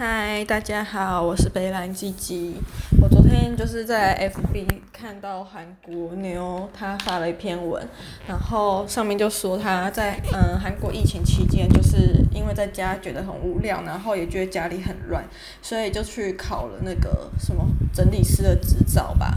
嗨，大家好，我是北藍雞雞。我昨天就是在 FB 看到韓國妞，她發了一篇文，然後上面就說她在嗯韓國疫情期間，就是因為在家覺得很無聊，然後也覺得家裡很亂，所以就去考了那個什麼整理師的執照吧。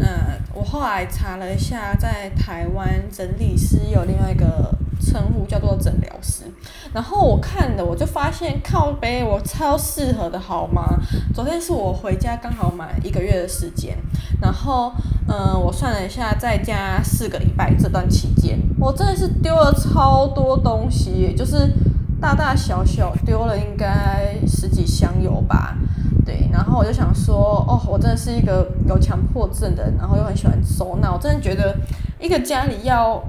嗯，我後來查了一下，在台灣整理師有另外一個。稱呼叫做整理師，然後我看的我就發現靠杯，我超適合的好嗎？昨天是我回家剛好滿一個月的時間，然後嗯，我算了一下，在家四個禮拜這段期間，我真的是丟了超多東西，欸，就是大大小小丟了應該十幾箱油吧，對，然後我就想說，哦，我真的是一個有強迫症的人，然後又很喜歡收納，我真的覺得一個家裡要。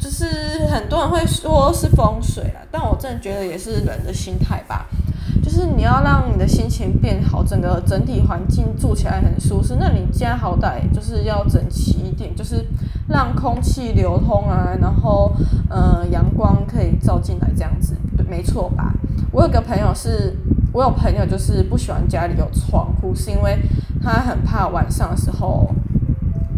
就是很多人會說是風水啦，但我真的覺得也是人的心態吧。就是你要讓你的心情變好，整個整體環境住起來很舒適，那你家好歹就是要整齊一點，就是讓空氣流通啊，然後嗯、呃，陽光可以照進來這樣子，對，沒錯吧？我有個朋友是，我有朋友就是不喜歡家裡有窗戶，是因為他很怕晚上的時候。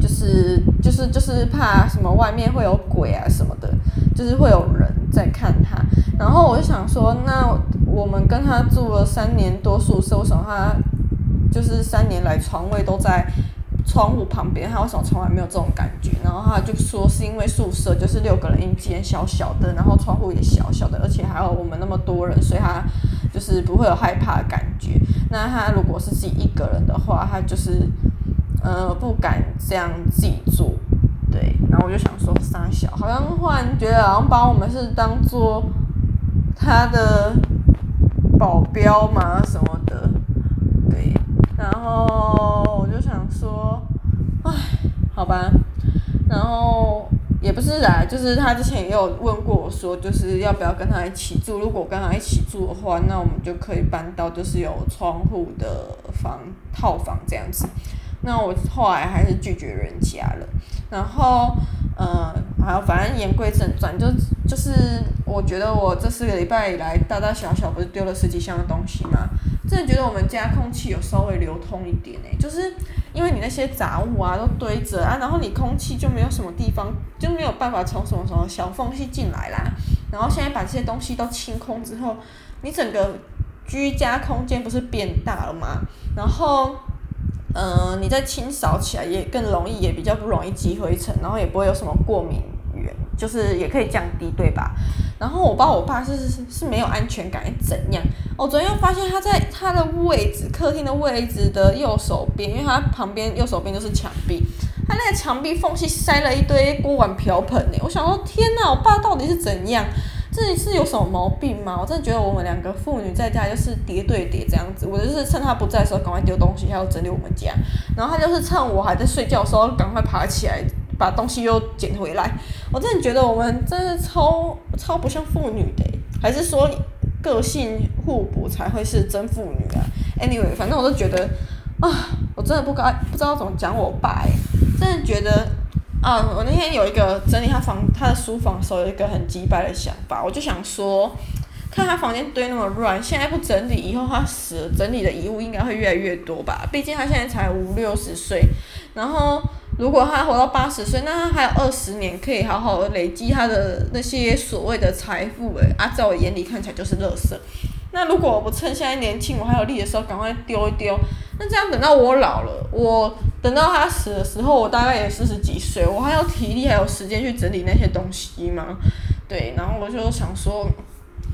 就是就是就是怕什麼外面會有鬼啊什麼的，就是會有人在看他。然後我就想說，那我們跟他住了三年多宿舍，為什麼他就是三年來床位都在窗戶旁邊，他為什麼從來沒有這種感覺？然後他就說是因為宿舍就是六個人一間小小的，然後窗戶也小小的，而且還有我們那麼多人，所以他就是不會有害怕的感覺。那他如果是自己一個人的話，他就是。呃、嗯，不敢這樣自己住，對。然後我就想說，三小好像忽然覺得好像把我們是當做他的保鏢嘛什麼的，對。然後我就想說，唉，好吧。然後也不是來就是他之前也有問過我說，就是要不要跟他一起住。如果跟他一起住的話，那我們就可以搬到就是有窗戶的房套房這樣子。那我後來還是拒絕人家了，然後，呃，好像，反正言歸正傳，就就是我覺得我這四個禮拜以來，大大小小不是丟了十幾箱的東西嗎？真的覺得我們家空氣有稍微流通一點哎、欸，就是因為你那些雜物啊都堆着啊，然後你空氣就沒有什麼地方，就沒有辦法從什麼什麼小縫隙進來啦。然後現在把這些東西都清空之後，你整個居家空間不是變大了嗎？然後。嗯、呃，你再清掃起來也更容易，也比較不容易積灰塵，然後也不會有什麼過敏源，就是也可以降低，對吧？然後我爸，我爸是是沒有安全感，怎樣？我昨天又發現他在他的位置，客廳的位置的右手邊，因為他旁邊右手邊就是牆壁，他那個牆壁縫隙塞了一堆鍋碗瓢盆誒，我想說天哪，我爸到底是怎樣？這裡是有什麼毛病嗎？我真的覺得我們兩個父女在家就是諜對諜這樣子。我就是趁他不在的時候趕快丟東西，還要整理我們家。然後他就是趁我還在睡覺的時候趕快爬起來把東西又撿回來。我真的覺得我們真的是超超不像父女的，還是說個性互補才會是真父女啊？Anyway，反正我都覺得啊，我真的不該不知道怎麼講我爸，真的覺得。嗯，我那天有一個整理他房他的書房的時候，有一個很機掰的想法，我就想說，看他房間堆那麼亂，現在不整理，以後他死了整理的遺物應該會越來越多吧？畢竟他現在才五六十歲，然後如果他活到八十歲，那他還有二十年可以好好累積他的那些所謂的財富誒、欸、啊，在我眼裡看起來就是垃圾。那如果我不趁現在年輕我還有力的時候趕快丟一丟，那這樣等到我老了，我。等到他死的時候，我大概也四十幾歲，我還有體力還有時間去整理那些東西嗎？對，然後我就想說，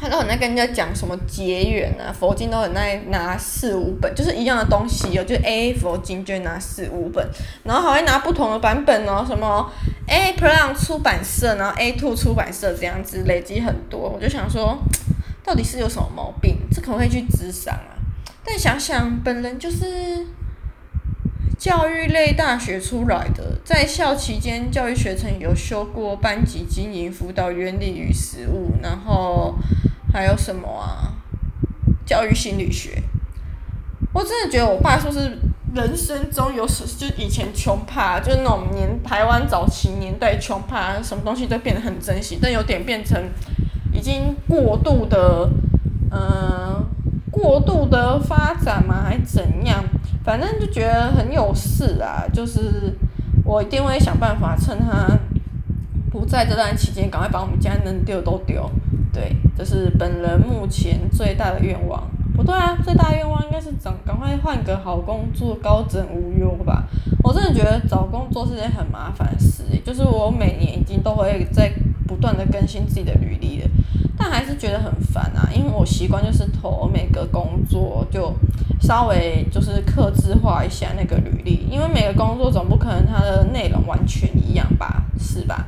他都很愛跟人家講什麼結緣啊，佛經都很愛拿四五本，就是一樣的東西有、喔、就是、A 佛經就拿四五本，然後好像拿不同的版本哦、喔，什麼 A p l a n g 出版社，然後 A Two 出版社這樣子累積很多，我就想說，到底是有什麼毛病？這可能會去諮商啊。但想想本人就是。教育類大學出來的，在校期間教育學程有修過班級經營、輔導原理與實務，然後還有什麼啊？教育心理學。我真的覺得我爸說是，是人生中有時就以前窮怕，就是那種年台灣早期年代窮怕，什麼東西都變得很珍惜，但有點變成已經過度的，嗯、呃，過度的發展嘛，還怎樣？反正就覺得很有事啊，就是我一定會想辦法趁他不在這段期間，趕快把我們家能丟都丟。對，這就是本人目前最大的願望。不對啊，最大願望應該是找趕快換個好工作，高枕無憂吧。我真的覺得找工作是件很麻煩的事，就是我每年已經都會在不斷的更新自己的履歷了，但還是覺得很煩啊。因為我習慣就是投每個工作就稍微就是客製化一下那個履歷，因為每個工作總不可能它的內容完全一樣吧，是吧？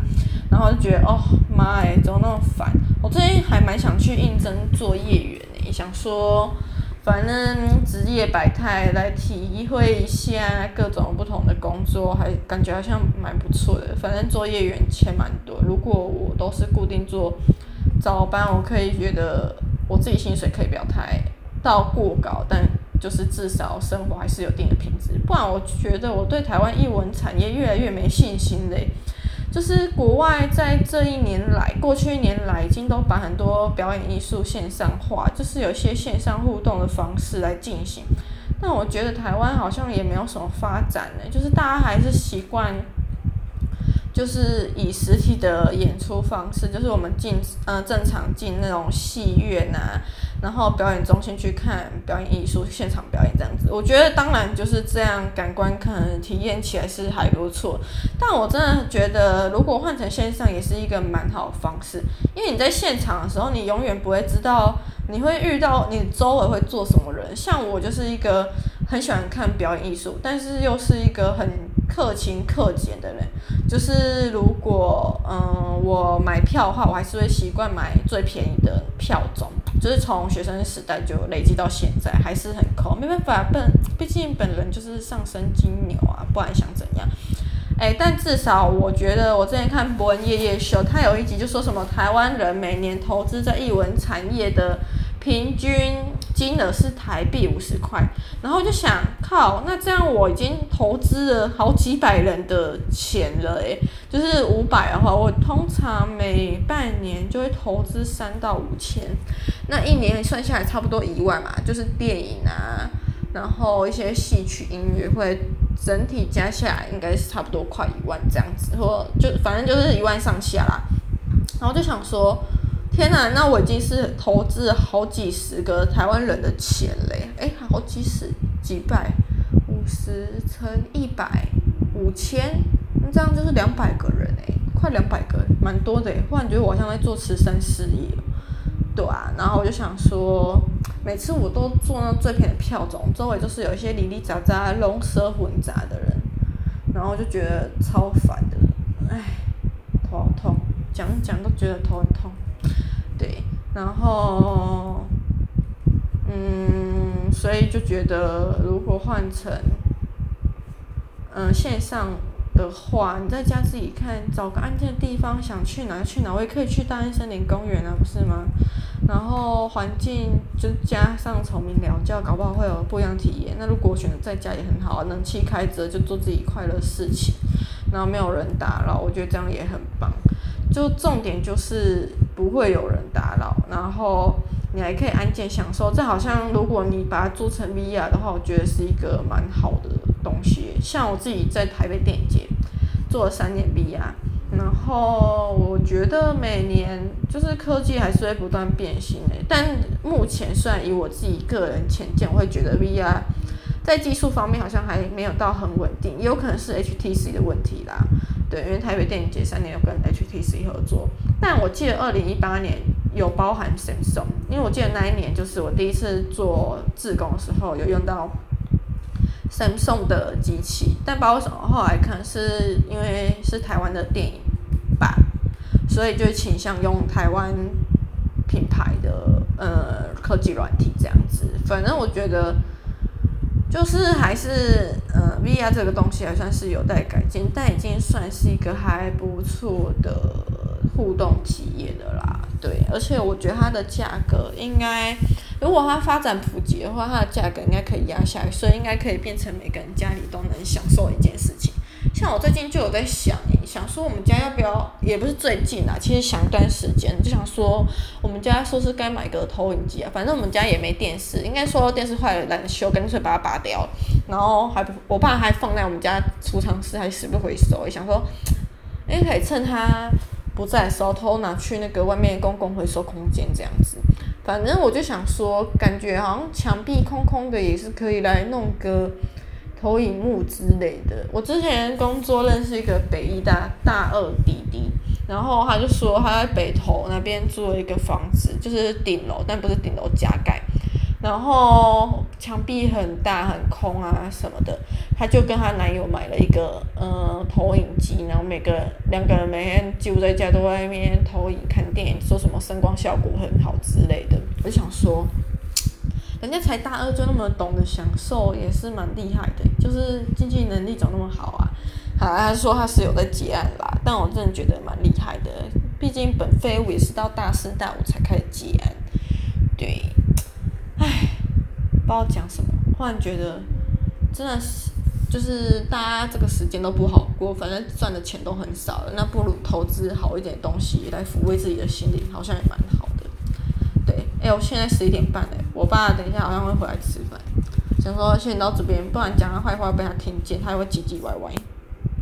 然後就覺得哦媽哎、欸，怎麼那麼煩？我最近還蠻想去應徵作業員。想說，反正職業百態，來體會一下各種不同的工作，還感覺好像蠻不錯的。反正作業員錢蠻多，如果我都是固定做早班，我可以覺得我自己薪水可以不要太到過高，但就是至少生活還是有一定的品質。不然我覺得我對台灣藝文產業越來越沒信心嘞、欸。就是國外在這一年來，過去一年來，已經都把很多表演藝術線上化，就是有一些線上互動的方式來進行。但我覺得台灣好像也沒有什麼發展呢、欸，就是大家還是習慣。就是以實體的演出方式，就是我們進嗯、呃、正常進那種戲院吶、啊，然後表演中心去看表演藝術現場表演這樣子。我覺得當然就是這樣，感官可能體驗起來是還不錯。但我真的覺得，如果換成線上，也是一個蠻好的方式，因為你在現場的時候，你永遠不會知道你會遇到你周圍會做什麼人。像我就是一個很喜歡看表演藝術，但是又是一個很克勤克儉的人。就是如果嗯我買票的話，我還是會習慣買最便宜的票種。就是從學生時代就累積到現在，還是很摳，沒辦法，本畢竟本人就是上升金牛啊，不然想怎樣？誒、欸，但至少我覺得我之前看《博恩夜夜秀》，他有一集就說什麼台灣人每年投資在藝文產業的平均。金額是台幣五十塊，然後就想靠，那這樣我已經投資了好幾百人的錢了誒、欸，就是五百的話，我通常每半年就會投資三到五千，那一年算下來差不多一萬嘛，就是電影啊，然後一些戲曲音樂會，整體加起來應該是差不多快一萬這樣子，或就反正就是一萬上下啦，然後就想說。天吶、啊，那我已經是投資好幾十個台灣人的錢嘞，誒、欸，好幾十、幾百、五十乘一百、五千，那這樣就是兩百個人誒，快兩百個人，蠻多的。忽然覺得我好像在做慈善事業，對啊。然後我就想說，每次我都坐那最便宜的票種，周圍就是有一些里里雜雜、龍蛇混雜的人，然後我就覺得超煩的，哎，頭痛，講講都覺得頭很痛。對，然後，嗯，所以就覺得如果換成，嗯、呃，線上的話，你在家自己看，找個安靜的地方，想去哪去哪，我也可以去大安森林公園啊，不是嗎？然後環境就加上蟲鳴鳥叫，搞不好會有不一樣體驗。那如果選擇在家也很好啊，冷氣開着就做自己快樂的事情，然後沒有人打擾，我覺得這樣也很棒。就重點就是。不會有人打擾，然後你還可以安靜享受。這好像如果你把它做成 VR 的話，我覺得是一個蠻好的東西。像我自己在台北電影節做了三年 VR，然後我覺得每年就是科技還是會不斷變新誒。但目前雖然以我自己個人淺見，我會覺得 VR。在技術方面好像還沒有到很穩定，也有可能是 HTC 的問題啦。對，因為台北電影節三年有跟 HTC 合作，但我記得二零一八年有包含 Samsung，因為我記得那一年就是我第一次做志工的時候有用到 Samsung 的機器，但不知道為什麼後來可能是因為是台灣的電影吧，所以就傾向用台灣品牌的呃科技軟體這樣子。反正我覺得。就是還是呃，VR 這個東西還算是有待改進，但已經算是一個還不錯的互動體驗的啦。對，而且我覺得它的價格應該，如果它發展普及的話，它的價格應該可以壓下來，所以應該可以變成每個人家裡都能享受一件事情。像我最近就有在想。想說我們家要不要，也不是最近啊，其實想一段時間就想說我們家說是該買個投影機啊，反正我們家也沒電視，應該說電視壞了懶得修，乾脆把它拔掉，然後還不我爸還放在我們家儲藏室，還死不回收、欸，想說，誒，可以趁他不在的時候偷拿去那個外面公共回收空間這樣子，反正我就想說，感覺好像牆壁空空的也是可以來弄個。投影幕之類的，我之前工作認識一個北醫大大二弟弟，然後他就說他在北投那邊租了一個房子，就是頂樓，但不是頂樓加蓋，然後牆壁很大很空啊什麼的，他就跟他男友買了一個嗯，投影機，然後每個人兩個人每天就在家都在外面投影看電影，說什麼聲光效果很好之類的，我就想說。人家才大二就那麼懂得享受，也是蠻厲害的。就是經濟能力怎麼那麼好啊？好像他說他室友在結案吧，但我真的覺得蠻厲害的。畢竟本廢物也是到大四大五才開始結案。對，唉，不知道講什麼。忽然覺得，真的是，就是大家這個時間都不好過，反正賺的錢都很少了，那不如投資好一點東西來撫慰自己的心靈，好像也蠻好。哎、欸，我現在十一點半嘞，我爸等一下好像會回來吃飯，想說先到這邊，不然講他壞話被他聽見，他會唧唧歪歪。